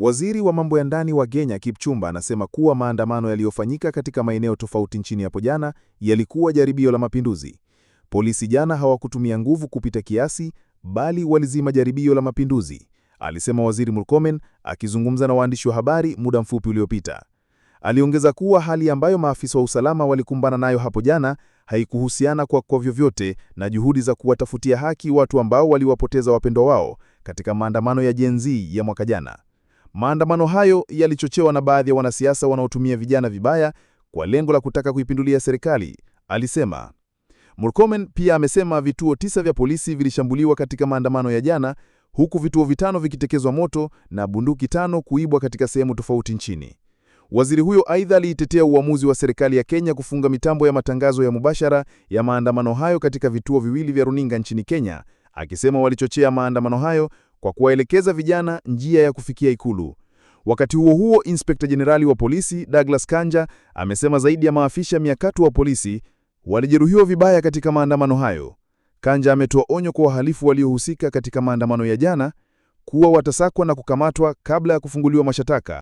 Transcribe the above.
Waziri wa mambo ya ndani wa Kenya Kipchumba anasema kuwa maandamano yaliyofanyika katika maeneo tofauti nchini hapo jana yalikuwa jaribio la mapinduzi. Polisi jana hawakutumia nguvu kupita kiasi, bali walizima jaribio la mapinduzi, alisema Waziri Murkomen akizungumza na waandishi wa habari muda mfupi uliopita. Aliongeza kuwa hali ambayo maafisa wa usalama walikumbana nayo hapo jana haikuhusiana kwa kwa vyovyote na juhudi za kuwatafutia haki watu ambao waliwapoteza wapendwa wao katika maandamano ya Gen Z ya mwaka jana. Maandamano hayo yalichochewa na baadhi ya wanasiasa wanaotumia vijana vibaya kwa lengo la kutaka kuipindulia serikali, alisema. Murkomen pia amesema vituo tisa vya polisi vilishambuliwa katika maandamano ya jana, huku vituo vitano vikitekezwa moto na bunduki tano kuibwa katika sehemu tofauti nchini. Waziri huyo aidha aliitetea uamuzi wa serikali ya Kenya kufunga mitambo ya matangazo ya mubashara ya maandamano hayo katika vituo viwili vya runinga nchini Kenya, akisema walichochea maandamano hayo kwa kuwaelekeza vijana njia ya kufikia Ikulu. Wakati huo huo, Inspekta Jenerali wa polisi Douglas Kanja amesema zaidi ya maafisa mia tatu wa polisi walijeruhiwa vibaya katika maandamano hayo. Kanja ametoa onyo kwa wahalifu waliohusika katika maandamano ya jana kuwa watasakwa na kukamatwa kabla ya kufunguliwa mashtaka.